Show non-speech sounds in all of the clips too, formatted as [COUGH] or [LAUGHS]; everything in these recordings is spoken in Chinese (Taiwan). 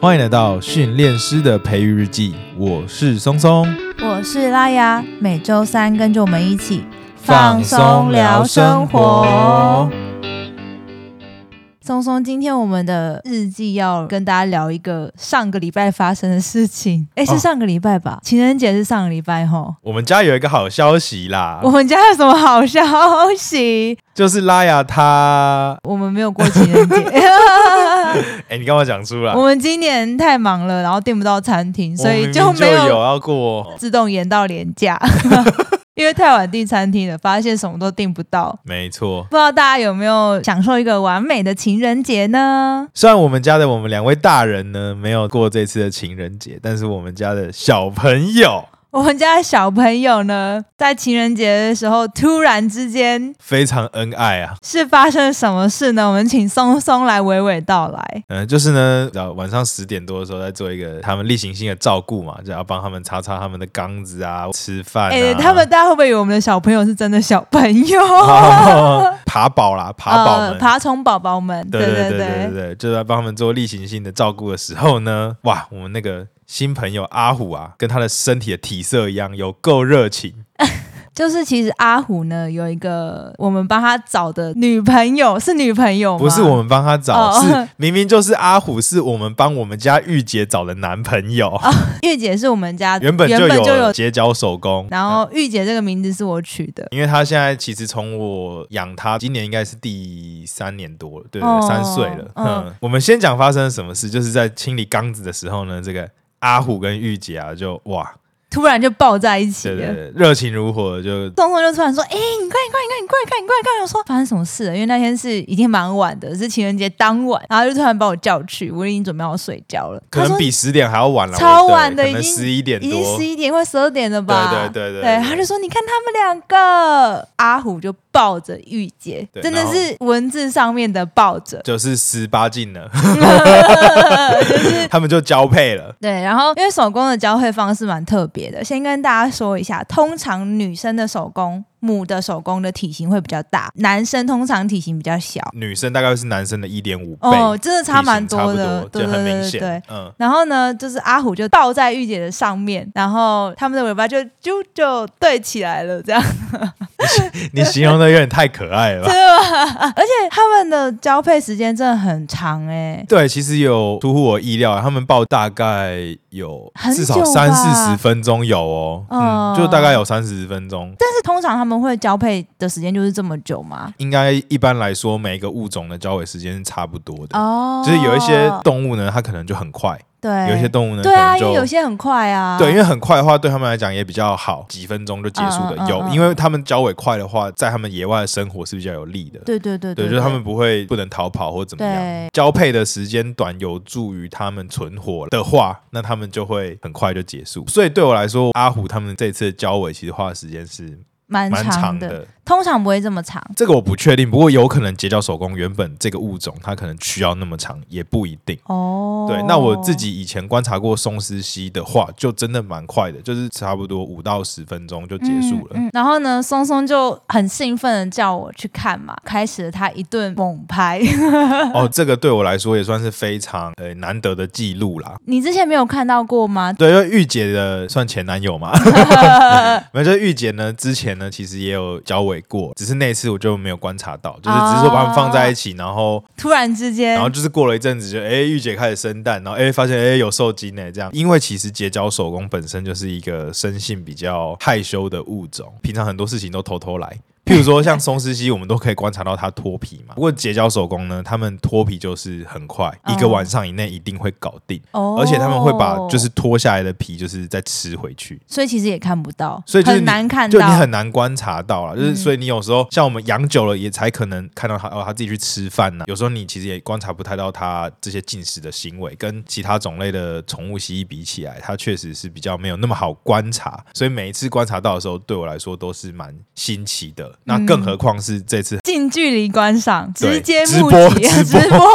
歡迎來到訓練師的培育日記，我是松松，我是拉雅，每週三跟着我們一起放鬆聊生活。松松，今天我們的日記要跟大家聊一個上個禮拜發生的事情，誒，是上個禮拜吧？哦，情人節是上個禮拜吼。我們家有一個好消息啦！我們家有什麼好消息？就是拉雅她，我們沒有過情人節。 [LAUGHS] 哎、 [LAUGHS] 欸，你幹嘛講出來？我們今年太忙了，然後訂不到餐廳，所以就沒有要過，自動延到連假， [LAUGHS] 因為太晚訂餐廳了，發現什麼都訂不到。沒錯，不知道大家有沒有享受一個完美的情人節呢？雖然我們家的我們兩位大人呢沒有過這次的情人節，但是我們家的小朋友。我們家的小朋友呢，在情人節的時候突然之間非常恩愛啊！是發生什麼事呢？我們請松松來娓娓道來。嗯、呃，就是呢，要晚上十點多的時候，在做一個他們例行性的照顧嘛，就要幫他們擦擦他們的缸子啊，吃飯、啊。哎、欸，他們大家會不會以為我們的小朋友是真的小朋友、啊哦？爬寶啦，爬寶們，呃、爬蟲寶寶們，對對對對對對，就在幫他們做例行性的照顧的時候呢，哇，我們那個。新朋友阿虎啊，跟他的身體的體色一樣，有夠熱情。就是其實阿虎呢，有一個我們幫他找的女朋友，是女朋友嗎？不是，我們幫他找，哦、是明明就是阿虎，是我們幫我們家玉姐找的男朋友。哦、玉姐是我們家原本就有，原本就有睫角守宮，然後玉姐這個名字是我取的，嗯、因為她現在其實從我養他，今年應該是第三年多了，對對，哦、三歲了。嗯，哦、我們先講發生了什麼事，就是在清理缸子的時候呢，這個。阿虎跟御姐啊，就哇，突然就抱在一起了，對對對，熱情如火，就松松就突然說：“哎、欸，你快，你快，你快，你快，你快！”你快，你快我說：“發生什麼事？”了？因為那天是已經蠻晚的，是情人節當晚，然後就突然把我叫去，我已經準備要睡覺了。可能比十點還要晚了，超晚的，對可能十一點多，已經十一點快十二點了吧？”對對對對，對他就說：“你看他們兩個，阿虎就抱着玉姐，對真的是文字上面的抱着，就是十八禁了， [LAUGHS] 就是、 [LAUGHS] 他們就交配了。”對，然後因為手工的交配方式蠻特別。先跟大家說一下，通常女生的手工，母的守宮的體型會比較大，男生通常體型比較小，女生大概是男生的一點五倍哦，真的差蠻多的，就很明顯。對對對對對，嗯，然後呢，就是阿虎就抱在玉姐的上面，然後他們的尾巴就就就對起來了，這樣。 [LAUGHS] 你形容的有點太可愛了， [LAUGHS] 對吧？而且他們的交配時間真的很長哎、欸，對，其實有出乎我意料，他們抱大概有至少三,三四十分鐘有哦，嗯，嗯嗯就大概有三四十分鐘。但是通常他們他們會交配的時間就是這麼久嗎？應該一般來說，每一個物種的交尾時間是差不多的。哦，就是有一些動物呢，它可能就很快。對，有一些動物呢，對啊，就有些很快啊。對，因為很快的話，對他們來講也比較好，幾分鐘就結束的，嗯嗯嗯嗯，有。因為他們交尾快的話，在他們野外的生活是比較有利的。對對對對,對,對,對，就是他們不會不能逃跑或怎麼樣。對對交配的時間短有助於他們存活的話，那他們就會很快就結束。所以對我來說，阿虎他們這次交尾其實花的時間是。蠻長的。通常不會這麼長，這個我不確定。不過有可能結交手工原本這個物種它可能需要那麼長，也不一定。哦，對，那我自己以前觀察過松獅蜥的話，就真的蠻快的，就是差不多五到十分鐘就結束了，嗯嗯。然後呢，松松就很興奮的叫我去看嘛，開始了他一頓猛拍。 [LAUGHS] 哦，這個對我來說也算是非常呃、欸、難得的記錄啦。你之前沒有看到過嗎？對，因為御姐的算前男友嘛。沒 [LAUGHS] [LAUGHS] 就御姐呢，之前呢其實也有交尾。過，只是那次我就沒有觀察到，就是只是說把它們放在一起，哦、然後突然之間，然後就是過了一陣子就，就、欸、哎，御姐開始生蛋，然後哎、欸，發現哎、欸，有受精呢、欸，這樣。因為其實睫角守宮本身就是一個生性比較害羞的物種，平常很多事情都偷偷來。譬如說像鬆獅蜥，我們都可以觀察到它脫皮嘛。不過睫角守宮呢，他們脫皮就是很快，一個晚上以內一定會搞定。而且他們會把就是脫下來的皮就是再吃回去。所以其實也看不到，所以很難看到，就你很難觀察到了。就是所以你有時候像我們養久了也才可能看到它哦，它自己去吃飯呢。有時候你其實也觀察不太到它這些進食的行為，跟其他種類的寵物蜥蜴比起來，它確實是比較沒有那麼好觀察。所以每一次觀察到的時候，對我來說都是蠻新奇的。那更何況是這次、嗯、近距離觀賞，直接目擊直播。直播直播 [LAUGHS]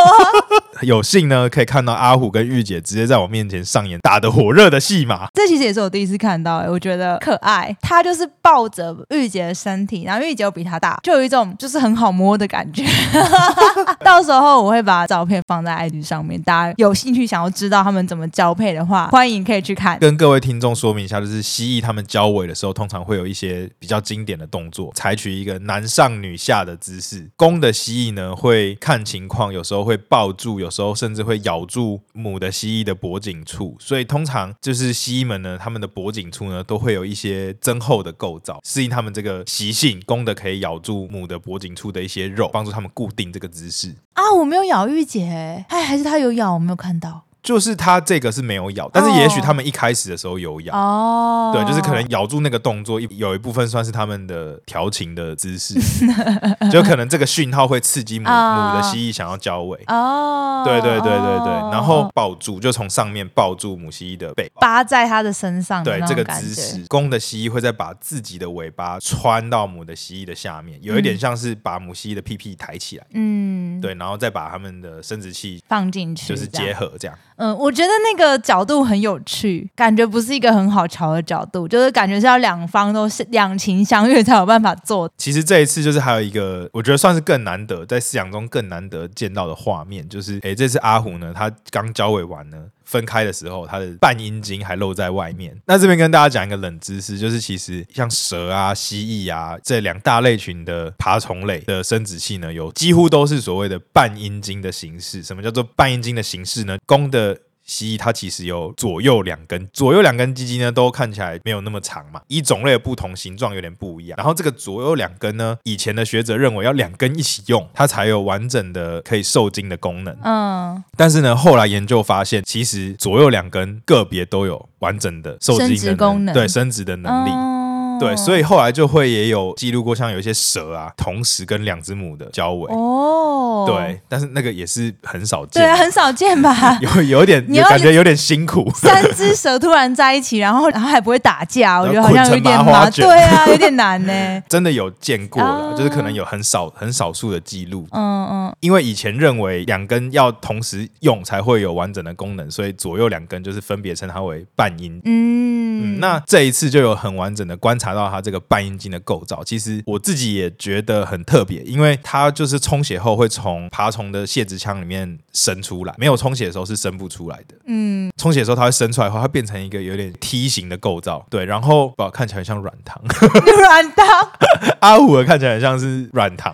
有幸呢，可以看到阿虎跟玉姐直接在我面前上演打得火熱的戲碼，這其實也是我第一次看到、欸，哎，我覺得可愛。他就是抱着玉姐的身體，然後玉姐又比他大，就有一種就是很好摸的感覺。 [LAUGHS] [LAUGHS] 到時候我會把照片放在 IG 上面，大家有興趣想要知道他們怎麼交配的話，歡迎可以去看。跟各位聽眾說明一下，就是蜥蜴他們交尾的時候，通常會有一些比較經典的動作，採取一個男上女下的姿勢。公的蜥蜴呢，會看情況，有時候會抱住有，有時候甚至會咬住母的蜥蜴的脖頸處，所以通常就是蜥蜴們呢，它們的脖頸處呢都會有一些增厚的構造，適應它們這個習性。公的可以咬住母的脖頸處的一些肉，幫助它們固定這個姿勢。啊，我沒有咬玉姐，哎，還是它有咬，我沒有看到。就是他這個是沒有咬，但是也許他們一開始的時候有咬。Oh. 對，就是可能咬住那個動作有一部分算是他們的調情的姿勢， [LAUGHS] 就可能這個訊號會刺激母、Oh. 母的蜥蜴想要交尾。對對對對，對，對，然後抱住就從上面抱住母蜥蜴的背，扒在它的身上。對這個姿勢，公的蜥蜴會再把自己的尾巴穿到母的蜥蜴的下面，有一點像是把母蜥蜴的屁屁抬起來。嗯。對，然後再把他們的生殖器放進去，就是結合這樣。這樣。嗯，我覺得那個角度很有趣，感覺不是一個很好瞧的角度，就是感覺是要兩方都是兩情相悅才有辦法做。其實這一次就是還有一個，我覺得算是更難得，在飼養中更難得見到的畫面，就是，誒，這次阿虎呢，他剛交尾完呢。分開的時候，它的半陰莖還露在外面。那這邊跟大家講一個冷知識，就是其實像蛇啊、蜥蜴啊這兩大類群的爬蟲類的生殖器呢，有幾乎都是所謂的半陰莖的形式。什麼叫做半陰莖的形式呢？公的。蜥蜴，它其實有左右兩根，左右兩根雞雞呢都看起來沒有那麼長嘛，以種類的不同，形狀有點不一樣。然後這個左右兩根呢，以前的學者認為要兩根一起用，它才有完整的可以受精的功能。嗯，但是呢，後來研究發現，其實左右兩根個別都有完整的受精的能，生殖功能，對生殖的能力。嗯對，所以後來就會也有記錄過，像有一些蛇啊，同時跟兩隻母的交尾。哦，對，但是那個也是很少見，對、啊，很少見吧？ [LAUGHS] 有有點，你感覺有點辛苦，三隻蛇突然在一起， [LAUGHS] 然後然後還不會打架，我覺得好像有點麻煩。 [LAUGHS] 對啊，有點難呢、欸。 [LAUGHS] 真的有見過的，啊、就是可能有很少很少數的記錄。嗯嗯。嗯因為以前認為兩根要同時用才會有完整的功能，所以左右兩根就是分別稱它為半音。嗯。那這一次就有很完整的觀察到它這個半陰莖的構造，其實我自己也覺得很特別，因為它就是充血後會從爬蟲的泄殖腔裡面伸出來，沒有充血的時候是伸不出來的。嗯，充血的時候它會伸出來的話，它會變成一個有點梯形的構造，對，然後不看起來很像軟糖。軟糖。 [LAUGHS] 阿五的看起來很像是軟糖，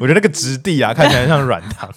我覺得那個質地啊，看起來很像軟糖。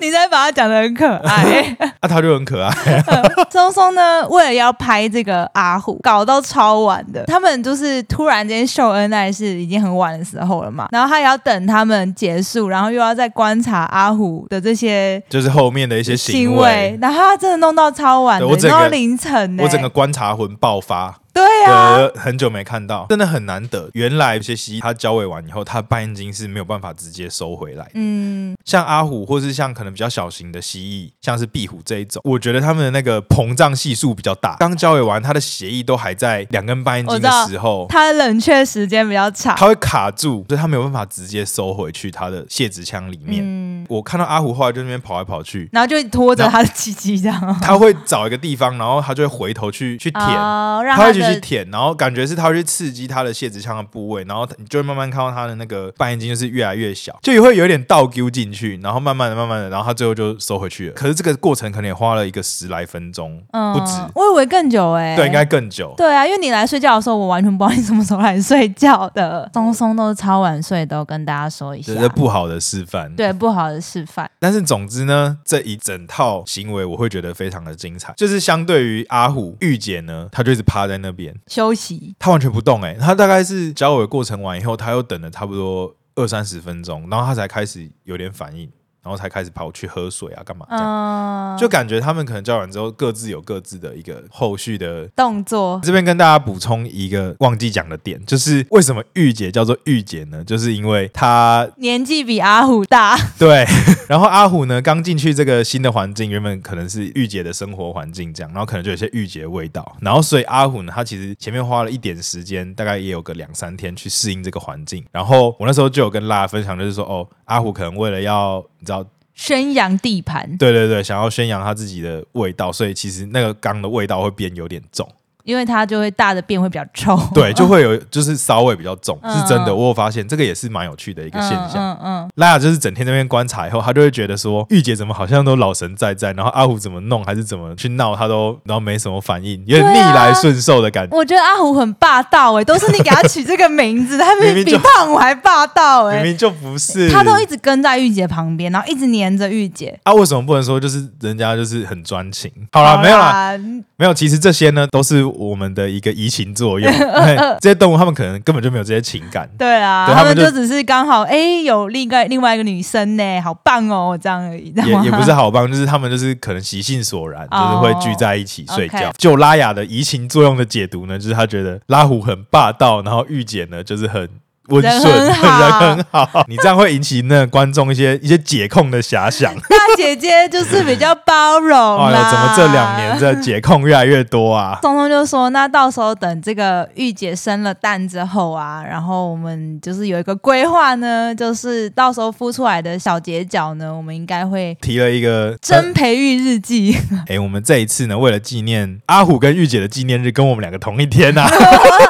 你在把他講的很可愛、欸，那 [LAUGHS] 啊、他就很可愛。 [LAUGHS] 嗯、松松呢，為了要拍這個阿虎，搞到超晚的。他們就是突然間秀恩愛是已經很晚的時候了嘛，然後他也要等他們結束，然後又要再觀察阿虎的這些，就是後面的一些行為。然後他真的弄到超晚的，整個弄到凌晨呢、欸。我整個觀察魂爆發。對啊、嗯，很久沒看到，真的很難得。原來有些蜥蜴它交尾完以後，它的半陰莖是沒有辦法直接收回來。嗯，像阿虎，或是像可能比較小型的蜥蜴，像是壁虎這一種，我覺得它們的那個膨脹係數比較大。剛交尾完，它的泄液都還在兩根半陰莖的時候，它冷卻時間比較長，它會卡住，所以它沒有辦法直接收回去它的泄殖腔裡面。嗯，我看到阿虎後來就那邊跑來跑去，然後就拖着它的雞雞這樣。它會找一個地方，然後它就會回頭去去舔、哦，讓它會。去舔，然後感覺是他去刺激他的泄殖腔的部位，然後你就會慢慢看到他的那個半陰莖就是越來越小，就也會有一點倒丟進去，然後慢慢的、慢慢的，然後他最後就收回去了。可是這個過程可能也花了一個十來分鐘，嗯，不止。我以為更久哎、欸，對，應該更久。對啊，因為你來睡覺的時候，我完全不知道你什麼時候來睡覺的，松松都是超晚睡，都跟大家說一下，這是不好的示範。對，不好的示範。但是總之呢，這一整套行為我會覺得非常的精彩，就是相對於阿虎御姐呢，他就是趴在那邊。休息，他完全不動哎、欸，他大概是交尾過程完以後，他又等了差不多二三十分鐘，然後他才開始有點反應。然後才開始跑去喝水啊，幹嘛？的、呃，就感覺他們可能交往之後各自有各自的一個後續的動作。這邊跟大家補充一個忘記講的點，就是為什麼御姐叫做御姐呢？就是因為她年紀比阿虎大。 [LAUGHS] 對。然後阿虎呢，剛進去這個新的環境，原本可能是御姐的生活環境這樣，然後可能就有些御姐的味道。然後所以阿虎呢，他其實前面花了一點時間，大概也有個兩三天去適應這個環境。然後我那時候就有跟大家分享，就是說哦，阿虎可能為了要你知道。宣揚地盤，對對對，想要宣揚他自己的味道，所以其實那個缸的味道會變有點重。因為他就會大的便會比較臭，對，就會有就是稍微比較重，嗯、是真的。我有發現這個也是蠻有趣的一個現象。嗯嗯，嗯嗯，拉雅就是整天那邊觀察以後，他就會覺得說，玉姐怎麼好像都老神在在，然後阿虎怎麼弄還是怎麼去鬧，他都然後沒什麼反應，有點逆來順受的感覺。啊、我覺得阿虎很霸道哎、欸，都是你給他取這個名字， [LAUGHS] 他明明比胖虎還霸道哎、欸，明明就不是。他都一直跟在玉姐旁邊，然後一直黏着玉姐。啊，為什麼不能說就是人家就是很專情？好了，好啦沒有了。嗯沒有，其實這些呢，都是我們的一個移情作用。 [LAUGHS] 這些動物，它們可能根本就沒有這些情感。 [LAUGHS] 對啊，它們，它們就只是剛好，誒、欸、有另外另外一個女生呢，好棒哦，這樣而已。也也不是好棒，就是他們就是可能習性所然， [LAUGHS] 就是會聚在一起睡覺。 [LAUGHS] Okay. 就拉雅的移情作用的解讀呢，就是他覺得拉虎很霸道，然後御姐呢就是很。溫順，人很好，人很好。你這樣會引起那觀眾一些 [LAUGHS] 一些姐控的遐想。大姐姐就是比較包容、啊 [LAUGHS] 哦。哎呦，怎麼這兩年的姐控越來越多啊？松松就說：“那到時候等這個御姐生了蛋之後啊，然後我們就是有一個規劃呢，就是到時候孵出來的小結腳呢，我們應該會提了一個真培育日記。啊”哎、欸，我們這一次呢，為了紀念阿虎跟御姐的紀念日，跟我們兩個同一天啊。 [LAUGHS]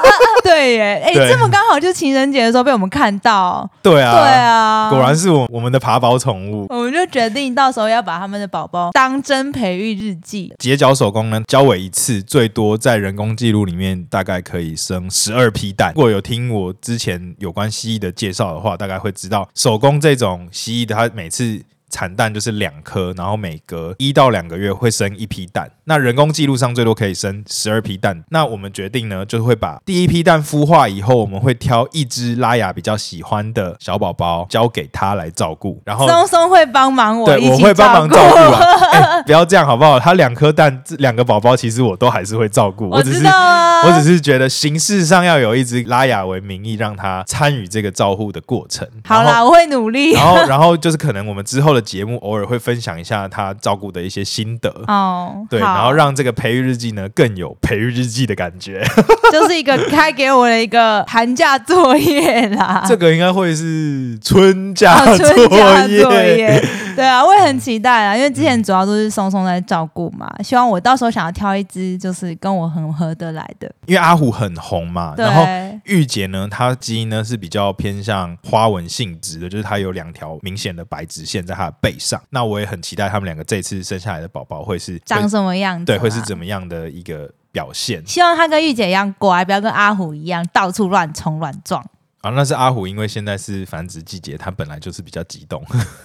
哎，欸、對這麼剛好就情人節的時候被我們看到。哦，對啊，對啊，果然是我們我們的爬寶寵物， [LAUGHS] 我們就決定到時候要把他們的寶寶當真培育日記。睫角守宮呢，交尾一次最多在人工記錄裡面大概可以生十二批蛋。如果有聽我之前有關蜥蜴的介紹的話，大概會知道守宮這種蜥蜴，它每次產蛋就是兩顆，然後每隔一到兩個月會生一批蛋。那人工記錄上最多可以生十二批蛋。那我們決定呢，就是會把第一批蛋孵化以後，我們會挑一隻拉雅比較喜歡的小寶寶交給他來照顧。然後松松會幫忙我，對，我會幫忙照顧啊。哎、 [LAUGHS] 欸，不要這樣好不好？他兩顆蛋，兩個寶寶，其實我都還是會照顧。我知道啊、我只是我只是覺得形式上要有一隻拉雅為名義，讓他參與這個照顧的過程。好啦，後我會努力。然後，然後就是可能我們之後的。節目偶爾會分享一下他照顧的一些心得哦，對，好然後讓這個培育日記呢更有培育日記的感覺， [LAUGHS] 就是一個開給我的一個寒假作業啦。這個應該會是春假作業。哦，春假作業。對啊，我也很期待啊，嗯、因為之前主要都是松松在照顧嘛，嗯、希望我到時候想要挑一隻就是跟我很合得來的。因為阿虎很紅嘛，對然後玉姐呢，她基因呢是比較偏向花紋性質的，就是她有兩條明顯的白直線在她的背上。那我也很期待他們兩個這次生下來的寶寶會是會長什麼樣，對，會是怎麼樣的一個表現？希望他跟玉姐一樣乖，不要跟阿虎一樣到處亂衝亂撞。啊，那是阿虎，因為現在是繁殖季節，它本來就是比較激動，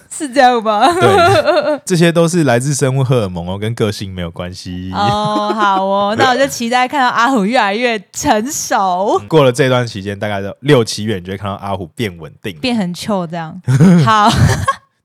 是這樣嗎？對， [LAUGHS] 這些都是來自生物荷爾蒙哦，跟個性沒有關係。哦，好哦， [LAUGHS] 那我就期待看到阿虎越來越成熟。嗯、過了這段期間，大概六七月，你就會看到阿虎變穩定，變很臭這樣。 [LAUGHS] 好。 [LAUGHS]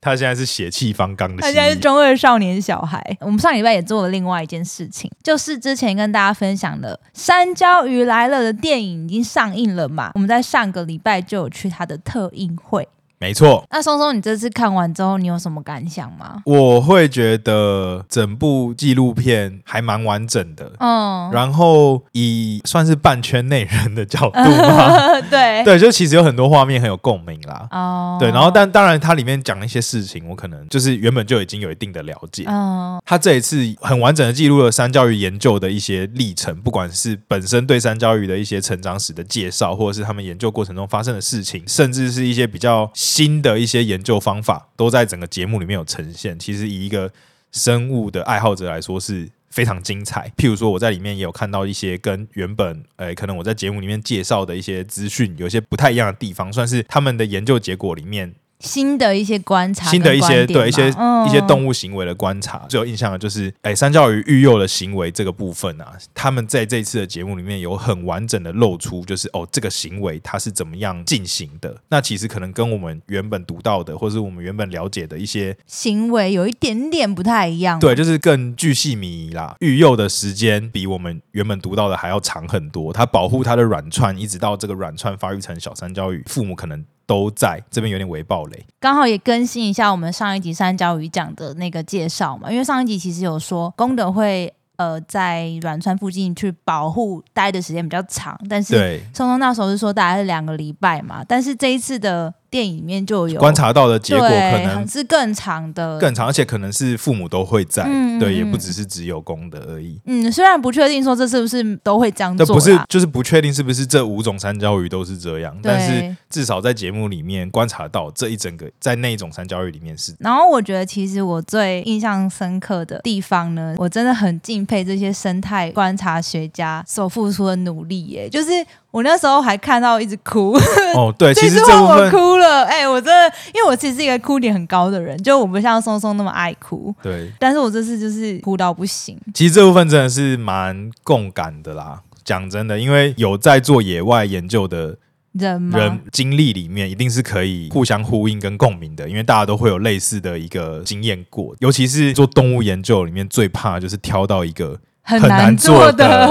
他現在是血氣方剛的，他現在是中二少年小孩。我們上禮拜也做了另外一件事情，就是之前跟大家分享的《山椒魚來了》的電影已經上映了嘛，我們在上個禮拜就有去他的特映會。沒錯，那松松，你這次看完之後，你有什麼感想嗎？我會覺得整部紀錄片還蠻完整的，嗯，然後以算是半圈內人的角度吧、呃。對對，就其實有很多畫面很有共鳴啦，哦，對，然後但當然，它裡面講了一些事情，我可能就是原本就已經有一定的了解，嗯、哦，他這一次很完整的記錄了山椒魚研究的一些歷程，不管是本身對山椒魚的一些成長史的介紹，或者是他們研究過程中發生的事情，甚至是一些比較。新的一些研究方法都在整個節目裡面有呈現，其實以一個生物的愛好者來說是非常精彩。譬如說，我在裡面也有看到一些跟原本誒、欸，可能我在節目裡面介紹的一些資訊有些不太一樣的地方，算是他們的研究結果裡面。新的一些觀察觀，新的一些對一些、嗯、一些動物行為的觀察，最有印象的就是，誒，山椒魚育，育幼的行為這個部分啊，他們在這次的節目裡面有很完整的露出，就是哦，這個行為它是怎麼樣進行的？那其實可能跟我們原本讀到的，或是我們原本了解的一些行為有一點點不太一樣。對，就是更巨細靡遺啦，育幼的時間比我們原本讀到的還要長很多。它保護它的軟串，嗯、一直到這個軟串發育成小山椒魚，父母可能。都在這邊有點微暴雷，剛好也更新一下我們上一集山椒魚講的那個介紹嘛，因為上一集其實有說功德會呃在軟川附近去保護，待的時間比較長，但是松松那時候是說大概是兩個禮拜嘛，但是這一次的。電影裡面就有觀察到的結果，可能是更長的、更長，而且可能是父母都會在，嗯、對，也不只是只有公的而已。嗯，雖然不確定說這是不是都會這樣做、啊，不是，就是不確定是不是這五種山椒魚都是這樣，對但是至少在節目裡面觀察到這一整個在那一種山椒魚裡面是。然後我覺得，其實我最印象深刻的地方呢，我真的很敬佩這些生態觀察學家所付出的努力、欸，耶，就是。我那時候還看到一直哭哦，哦對，其實這部分 [LAUGHS] 我哭了，哎、欸，我真的，因為我其實是一個哭點很高的人，就我不像松松那麼愛哭，對，但是我這次就是哭到不行。其實這部分真的是蠻共感的啦，講真的，因為有在做野外研究的人嗎人經歷裡面，一定是可以互相呼應跟共鳴的，因為大家都會有類似的一個經驗過，尤其是做動物研究裡面最怕就是挑到一個。很難做的，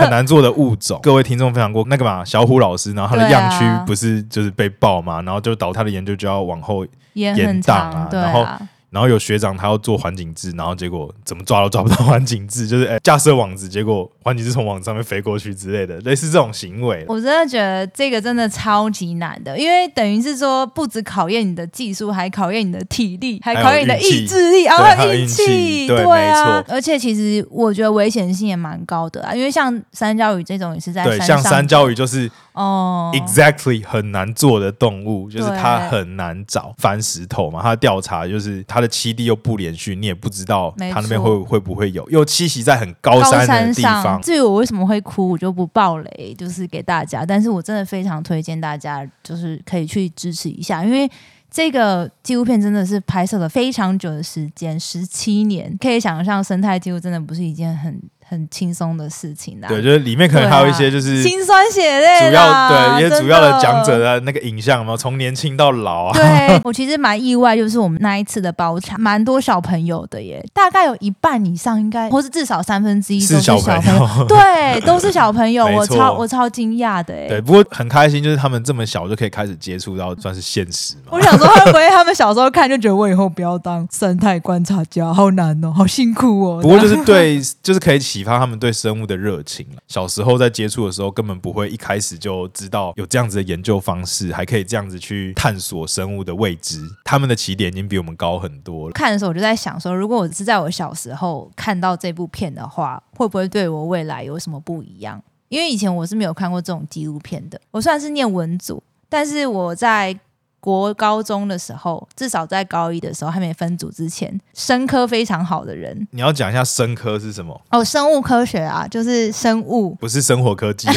很難做的物種，各位聽眾分享過那個嘛？小虎老師，然後他的樣區不是就是被爆嘛，啊、然後就導他的研究就要往後延宕啊，啊然後。然後有學長他要做環頸雉，然後結果怎麼抓都抓不到環頸雉，就是誒架設網子，結果環頸雉從網上面飛過去之類的，類似這種行為，我真的覺得這個真的超級難的，因為等於是說不止考驗你的技術，還考驗你的體力，還考驗你的意志力，還有運氣，對啊。對哦、而且其實我覺得危險性也蠻高的，啊。因為像山椒魚這種也是在山上對，像山椒魚就是。哦、oh，Exactly 很難做的動物，對就是它很難找，翻石頭嘛。它調查就是它的棲地又不連續，你也不知道它那邊會沒錯會不會有，又棲息在很高山的地方。至於我為什麼會哭，我就不爆雷，就是給大家。但是我真的非常推薦大家，就是可以去支持一下，因為這個紀錄片真的是拍攝了非常久的時間，十七年，可以想象生態紀錄真的不是一件很。很輕鬆的事情啊，對，就是裡面可能還有一些就是心、啊、酸血淚主要對，一些主要的講者、啊、的那個影像嘛，從年輕到老啊。對， [LAUGHS] 我其實蠻意外，就是我們那一次的包場蠻多小朋友的耶，大概有一半以上，應該或是至少三分之一都是小朋友，朋友對，都是小朋友， [LAUGHS] 錯我超我超驚訝的耶。對，不過很開心，就是他們這麼小就可以開始接觸到，算是現實嘛。我想說會不會他們小時候看就覺得我以後不要當生態觀察家，好難哦，好辛苦哦。不過就是對， [LAUGHS] 就是可以。啟發他們對生物的熱情。小時候在接觸的時候，根本不會一開始就知道有這樣子的研究方式，還可以這樣子去探索生物的未知。他們的起點已經比我們高很多了。看的時候我就在想說，如果我是在我小時候看到這部片的話，會不會對我未來有什麼不一樣？因為以前我是沒有看過這種紀錄片的。我雖然是念文組，但是我在。國高中的時候，至少在高一的時候還沒分組之前，生科非常好的人，你要講一下生科是什麼？哦，生物科學啊，就是生物，不是生活科技啊，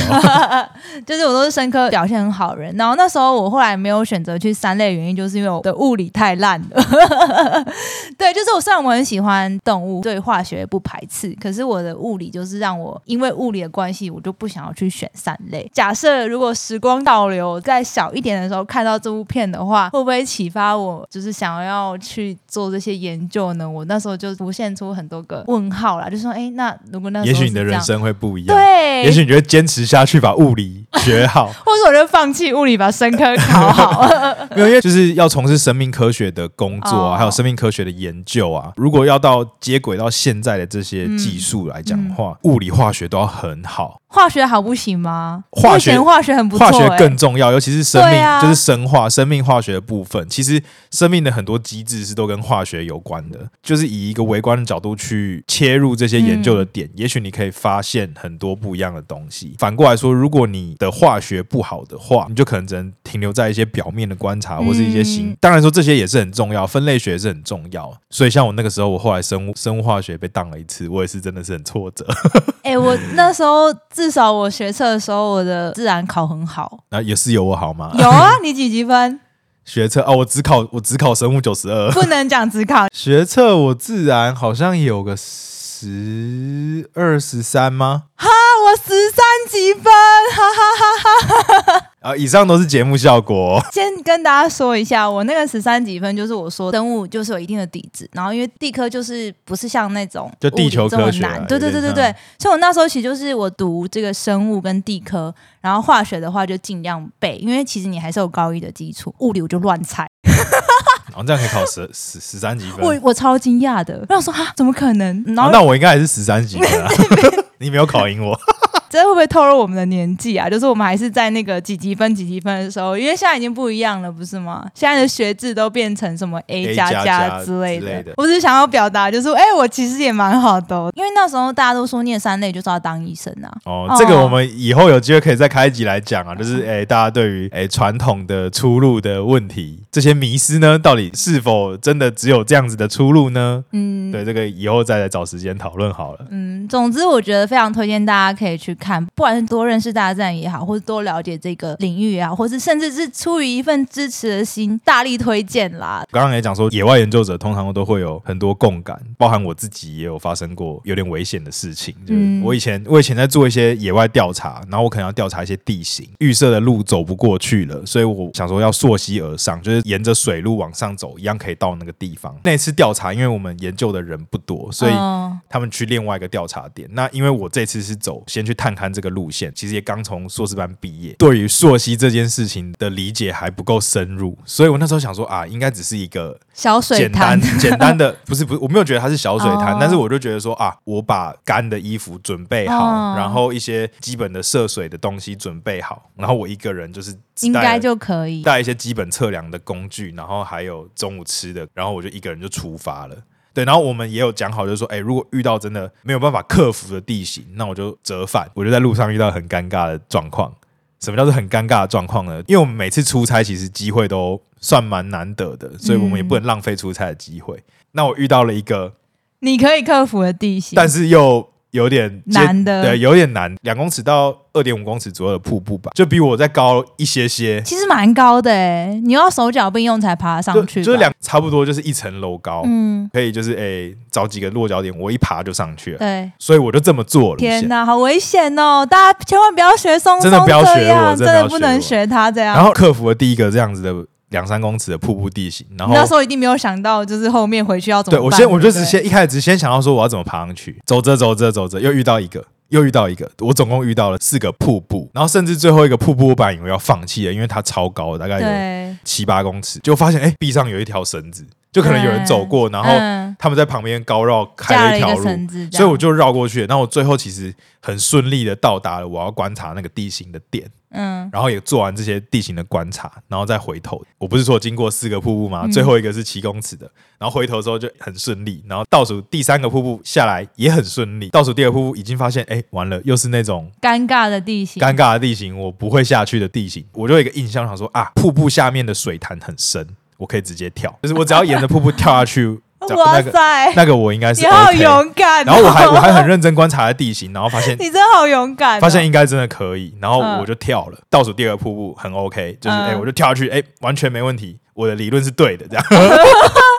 哦， [LAUGHS] 就是我都是生科表現很好的人。然後那時候我後來沒有選擇去三類原因，就是因為我的物理太爛了。 [LAUGHS] 對，就是我雖然我很喜歡動物，對化學也不排斥，可是我的物理就是讓我因為物理的關係，我就不想要去選三類。假設如果時光倒流，在小一點的時候看到這部片的話，的話會不會啟發我，就是想要去做這些研究呢？我那時候就浮現出很多個問號啦，就說：哎、欸，那如果那時候也許你的人生會不一樣。對，也許你覺得堅持下去把物理學好， [LAUGHS] 或者我覺得放棄物理把生科考好， [LAUGHS] [LAUGHS] 沒有，因為就是要從事生命科學的工作啊，哦、還有生命科學的研究啊。如果要到接軌到現在的這些技術來講的話，嗯、物理、化學都要很好。化學好不行嗎？化學、之前化學很不錯、欸，化學更重要，尤其是生命，啊、就是生化、生命化。化學的部分，其實生命的很多機制是都跟化學有關的。就是以一個微觀的角度去切入這些研究的點，嗯、也許你可以發現很多不一樣的東西。反過來說，如果你的化學不好的話，你就可能只能停留在一些表面的觀察，或是一些新。嗯、當然說這些也是很重要，分類學是很重要。所以像我那個時候，我後來生物生物化學被當了一次，我也是真的是很挫折。哎、 [LAUGHS] 欸，我那時候至少我學測的時候，我的自然考很好。那也、啊、是有我好嗎？有啊，你幾級分？ [LAUGHS] 學測哦，我只考我只考生物九十二，不能講只考學測，我自然好像也有個十二十三嗎？哈，我十三級分，哈哈、嗯、哈哈哈哈。 [LAUGHS] 啊，以上都是節目效果，哦。先跟大家說一下，我那個十三級分，就是我說生物就是有一定的底子，然後因為地科就是不是像那種就地球這麼難，啊、對對對對對。啊、所以，我那時候其實就是我讀這個生物跟地科，然後化學的話就盡量背，因為其實你還是有高一的基礎。物理我就亂猜，然 [LAUGHS] 後、哦、這樣可以考十十十三級分？我我超驚訝的，我想說啊，怎麼可能？啊、那我應該還是十三級分？ [LAUGHS] [LAUGHS] 你沒有考贏我。這會不會透露我們的年紀啊？就是我們還是在那個幾級分幾級分的時候，因為現在已經不一樣了，不是嗎？現在的學制都變成什麼 A 加加之類的。類的我只是想要表達，就是說，哎、欸，我其實也蠻好的，因為那時候大家都說念三類就是要當醫生啊。哦，這個我們以後有機會可以再開一集來講啊，就是哎，大家對於哎傳統的出路的問題，這些迷思呢，到底是否真的只有這樣子的出路呢？嗯，對，這個以後再來找時間討論好了。嗯，總之我覺得非常推薦大家可以去。看，不管是多認識大自然也好，或是多了解這個領域也好，或是甚至是出於一份支持的心，大力推薦啦。剛剛也講說，野外研究者通常都會有很多共感，包含我自己也有發生過有點危險的事情。就是、嗯、我以前我以前在做一些野外調查，然後我可能要調查一些地形，預設的路走不過去了，所以我想說要溯溪而上，就是沿着水路往上走，一樣可以到那個地方。那次調查，因為我們研究的人不多，所以他們去另外一個調查點。哦、那因為我這次是走先去探。看看這個路線，其實也剛從碩士班畢業，對於溯溪這件事情的理解還不夠深入，所以我那時候想說啊，應該只是一個小水潭簡單的， [LAUGHS] 不是不是，我沒有覺得它是小水潭，oh. 但是我就覺得說啊，我把乾的衣服準備好，oh. 然後一些基本的涉水的東西準備好，然後我一個人就是應該就可以帶一些基本測量的工具，然後還有中午吃的，然後我就一個人就出發了。對，然後我們也有講好，就是說誒，如果遇到真的沒有辦法克服的地形，那我就折返。我就在路上遇到很尷尬的狀況。什麼叫做很尷尬的狀況呢？因為我們每次出差，其實機會都算蠻難得的，所以我們也不能浪費出差的機會。嗯。那我遇到了一個你可以克服的地形，但是又。有點難的 得，對，有點難，兩公尺到二點五公尺左右的瀑布吧，就比我再高一些些，其實蠻高的誒、欸，你要手腳並用才爬上去就，就兩差不多就是一層樓高，嗯，可以就是誒、欸、找幾個落腳點，我一爬就上去了，對，所以我就這麼做了。天哪，好危險哦！大家千萬不要學松松，真的不要學我。我真的不能學他這樣，然後克服了第一個這樣子的，兩三公尺的瀑布地形，然後那時候一定沒有想到，就是後面回去要怎麼對。對我先，我就只先對一開始先想到說我要怎麼爬上去，走着走着走着又遇到一個，又遇到一個，我總共遇到了四個瀑布，然後甚至最後一個瀑布我本來以為要放棄了，因為它超高，大概有七八公尺，對就發現哎，壁上有一條繩子，就可能有人走過，然後他們在旁邊高繞開了一條路，所以我就繞過去了，那我最後其實很順利的到達了我要觀察那個地形的點。嗯，然後也做完這些地形的觀察，然後再回頭。我不是說經過四個瀑布嗎？嗯，最後一個是七公尺的，然後回頭之後就很順利。然後倒數第三個瀑布下來也很順利，倒數第二個瀑布已經發現，哎，完了，又是那種尷尬的地形，尷尬的地形，我不會下去的地形。我就有一個印象，想說啊，瀑布下面的水潭很深，我可以直接跳，就是我只要沿着瀑布跳下去。 [LAUGHS] 那個、哇塞，那個我應該是、okay，你好勇敢、哦。然後我還我還很認真觀察了地形，然後發現你真好勇敢、哦。發現應該真的可以，然後我就跳了、嗯、倒數第二個瀑布，很 OK，就是誒、嗯欸，我就跳下去，誒、欸，完全沒問題，我的理論是對的，這樣。嗯 [LAUGHS]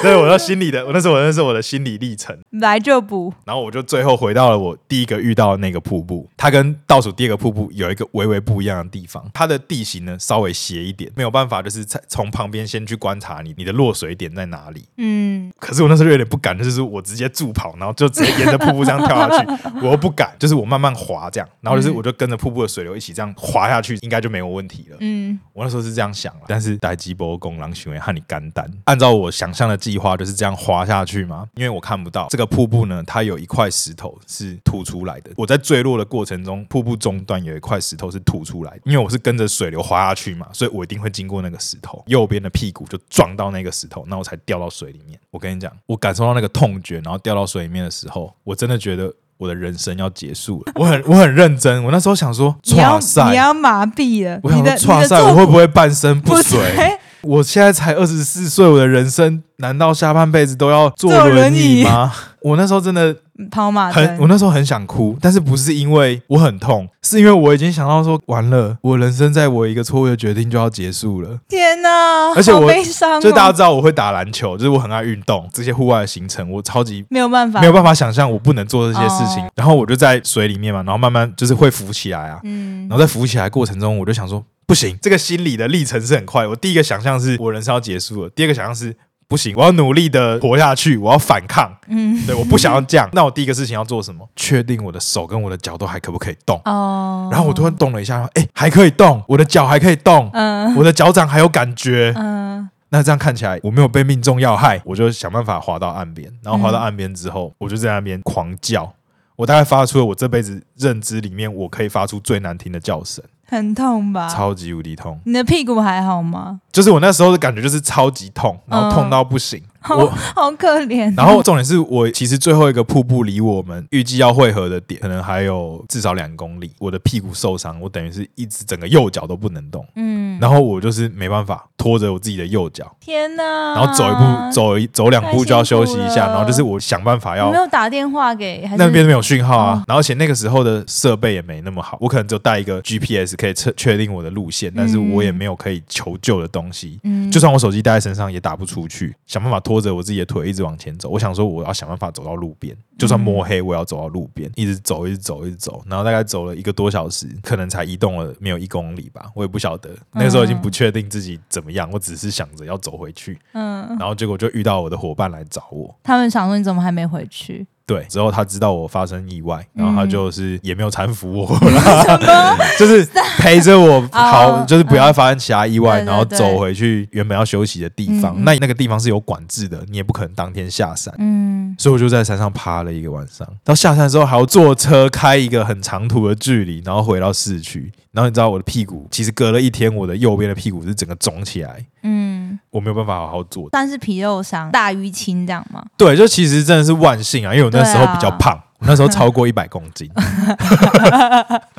所以 [LAUGHS] 我說心裡的，我那時候我那是我的心理歷程，來就補，然後我就最後回到了我第一個遇到的那個瀑布，它跟倒數第二個瀑布有一個微微不一樣的地方，它的地形呢稍微斜一點，沒有辦法就是從從旁邊先去觀察你你的落水點在哪裡，嗯，可是我那時候有點不敢，就是我直接助跑，然後就直接沿着瀑布這樣跳下去， [LAUGHS] 我又不敢，就是我慢慢滑這樣，然後就是我就跟着瀑布的水流一起這樣滑下去，應該就沒有問題了，嗯，我那時候是這樣想啦，但是大吉波功狼行為和你肝膽，按。到我想象的計劃就是這樣滑下去嗎？因為我看不到這個瀑布呢，它有一塊石頭是凸出來的。我在墜落的過程中，瀑布中段有一塊石頭是凸出來的，因為我是跟着水流滑下去嘛，所以我一定會經過那個石頭，右邊的屁股就撞到那個石頭，那我才掉到水裡面。我跟你講，我感受到那個痛覺，然後掉到水裡面的時候，我真的覺得我的人生要結束了。 [LAUGHS] 我很我很認真，我那時候想說，你要塞你要麻痹了，我想說你的剉賽我會不會半身不遂？不我現在才二十四歲，我的人生難道下半輩子都要坐輪椅嗎？我那時候真的很跑馬，很我那時候很想哭，但是不是因為我很痛，是因為我已經想到說完了，我人生在我一個錯誤的決定就要結束了。天哪！而且我悲傷、哦，就大家知道我會打籃球，就是我很愛運動，這些戶外的行程我超級沒有辦法，沒有辦法想象我不能做這些事情。哦、然後我就在水裡面嘛，然後慢慢就是會浮起來啊，嗯、然後在浮起來過程中，我就想說。不行，這個心理的歷程是很快。我第一個想象是，我人生要結束了；第二個想象是，不行，我要努力的活下去，我要反抗。嗯，對，我不想要這樣。嗯、那我第一個事情要做什麼？確定我的手跟我的腳都還可不可以動？哦，然後我突然動了一下，哎、欸，還可以動，我的腳還可以動，嗯，我的腳掌還有感覺。嗯，那這樣看起來我沒有被命中要害，我就想辦法滑到岸邊。然後滑到岸邊之後，嗯、我就在那邊狂叫，我大概發出了我這輩子認知裡面我可以發出最難聽的叫聲。很痛吧？超級無敵痛。你的屁股還好嗎？就是我那時候的感覺，就是超級痛，然後痛到不行。嗯。好我好可憐啊。然後重點是我其實最後一個瀑布離我們預計要會合的點，可能還有至少兩公里。我的屁股受傷，我等於是一直整個右腳都不能動。嗯。然後我就是沒辦法拖着我自己的右腳。天哪！然後走一步，走一走兩步就要休息一下。然後就是我想辦法要。沒有打電話給那邊，沒有訊號啊。哦、然後而且那個時候的設備也沒那麼好，我可能只有帶一個 GPS 可以確確定我的路線，嗯、但是我也沒有可以求救的東西。嗯。就算我手機帶在身上也打不出去，想辦法拖。拖着我自己的腿一直往前走，我想說我要想辦法走到路邊，嗯、就算摸黑，我也要走到路邊，一直走，一直走，一直走。然後大概走了一個多小時，可能才移動了沒有一公里吧，我也不曉得。嗯、那個時候已經不確定自己怎麼樣，我只是想着要走回去。嗯，然後結果就遇到我的夥伴來找我，他們想說你怎麼還沒回去？對，之後他知道我發生意外，然後他就是也沒有攙扶我，嗯、 [LAUGHS] 就是陪着我， [LAUGHS] 好，就是不要發生其他意外，嗯、然後走回去原本要休息的地方。嗯嗯，那那個地方是有管制的，你也不可能當天下山，嗯，所以我就在山上趴了一個晚上，到下山之後還要坐車開一個很長途的距離，然後回到市區。然後你知道我的屁股，其實隔了一天，我的右邊的屁股是整個腫起來，嗯，我沒有辦法好好坐，但是皮肉傷，大淤青這樣嗎？對，就其實真的是萬幸啊，因為我那時候比較胖，啊、我那時候超過一百公斤。 [LAUGHS] [LAUGHS] [LAUGHS]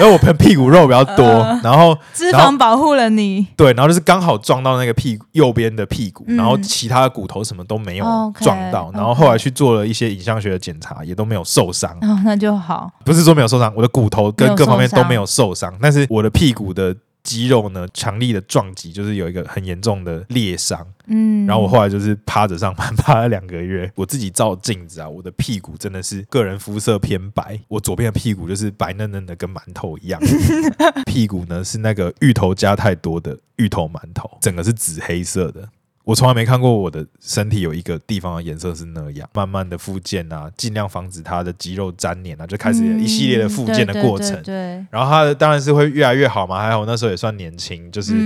因為 [LAUGHS] [LAUGHS] 我盆，屁股肉比較多，呃、然後脂肪保護了你，對，然後就是剛好撞到那個屁股右邊的屁股，嗯、然後其他的骨頭什麼都沒有撞到，Okay, 然後後來去做了一些影像學的檢查，也都沒有受傷，哦，那就好。不是說沒有受傷，我的骨頭跟各方面都沒有受傷，受傷，但是我的屁股的。肌肉呢，強力的撞擊就是有一個很嚴重的裂傷，嗯，然後我後來就是趴着上班，趴了兩個月，我自己照鏡子啊，我的屁股真的是個人膚色偏白，我左邊的屁股就是白嫩嫩的，跟饅頭一樣， [LAUGHS] 屁股呢是那個芋頭加太多的芋頭饅頭，整個是紫黑色的。我從來沒看過我的身體有一個地方的顏色是那樣，慢慢的復健啊，盡量防止它的肌肉粘連啊，就開始一系列的復健的過程。嗯、對，對，對，對，然後它當然是會越來越好嘛。還好那時候也算年輕，就是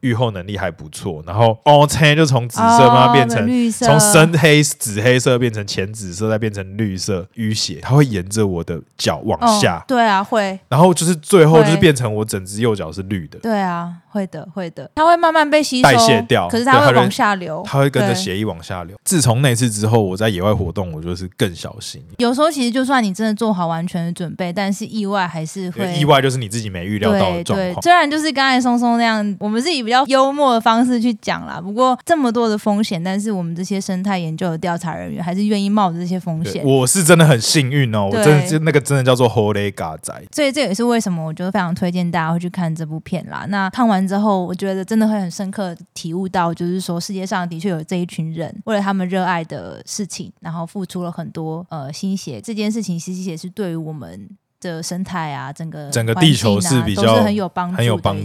愈後能力還不錯。嗯、然後，哦，突然就從紫色慢慢變成、哦、綠色，從深黑、紫黑色變成淺紫色，再變成綠色淤血，它會沿着我的腳往下。哦、對啊，會。然後就是最後就是變成我整隻右腳是綠的。對啊，會的，會的，它會慢慢被吸收代謝掉。可是它往下。下流，他會跟着血液往下流。對自從那次之後，我在野外活動，我就是更小心。有時候其實就算你真的做好完全的準備，但是意外還是會。意外就是你自己沒預料到的狀況。雖然就是剛才鬆鬆那樣，我們是以比較幽默的方式去講啦。不過這麼多的風險，但是我們這些生態研究的調查人員還是願意冒着這些風險。我是真的很幸運哦，對我真的是那個真的叫做 Holega 哈仔。所以這也是為什麼我就非常推薦大家會去看這部片啦。那看完之後，我覺得真的會很深刻的體悟到，就是說。世界上的確有這一群人，為了他們熱愛的事情，然後付出了很多呃心血。這件事情，其實也是對於我們。的生態啊，整個、啊、整個地球是比較都是很有幫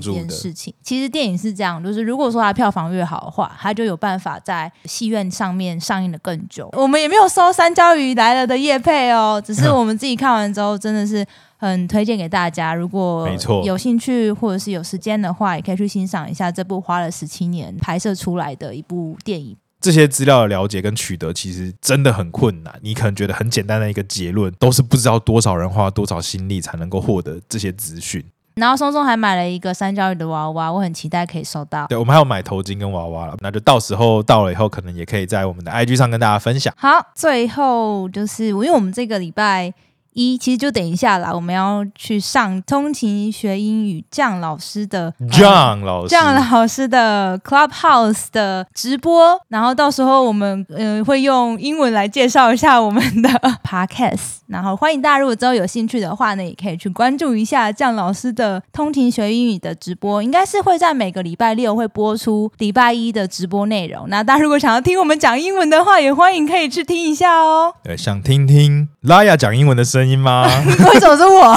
助的一件事情。其實電影是這樣，就是如果說它票房越好的話，它就有辦法在戲院上面上映的更久。嗯、我們也沒有收《山椒魚來了》的業配哦，只是我們自己看完之後，真的是很推薦給大家。如果有興趣或者是有時間的話，沒錯。也可以去欣賞一下這部花了十七年拍攝出來的一部電影。這些資料的了解跟取得，其實真的很困難。你可能覺得很簡單的一個結論，都是不知道多少人花多少心力才能夠獲得這些資訊。然後松松還買了一個山椒魚的娃娃，我很期待可以收到對。對，我們還有買頭巾跟娃娃了，那就到時候到了以後，可能也可以在我們的 IG 上跟大家分享。好，最後就是我，因為我們這個禮拜。一其實就等一下啦，我們要去上通勤學英語醬老師的醬老醬老師的 Clubhouse 的直播，然後到時候我們嗯、呃、會用英文來介紹一下我們的 Podcast，然後歡迎大家如果之後有興趣的話呢，也可以去關注一下醬老師的通勤學英語的直播，應該是會在每個禮拜六會播出禮拜一的直播內容，那大家如果想要聽我們講英文的話，也歡迎可以去聽一下哦。對，想聽聽。拉雅講英文的聲音嗎？為什麼是我？ [LAUGHS]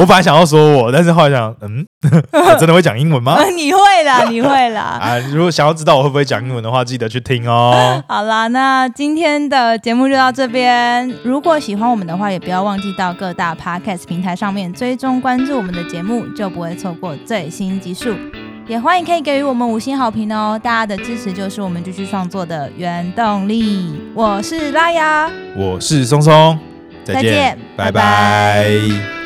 我本來想要說我，但是後來想，嗯，他、啊、真的會講英文嗎？你會啦，你會啦！ [LAUGHS] 啊，如果想要知道我會不會講英文的話，記得去聽哦。好啦，那今天的節目就到這邊。如果喜歡我們的話，也不要忘記到各大 podcast 平台上面追蹤關注我們的節目，就不會錯過最新集數。也歡迎可以給予我們五星好評哦！大家的支持就是我們繼續創作的原動力。我是拉雅，我是松松。再見，拜拜，拜拜。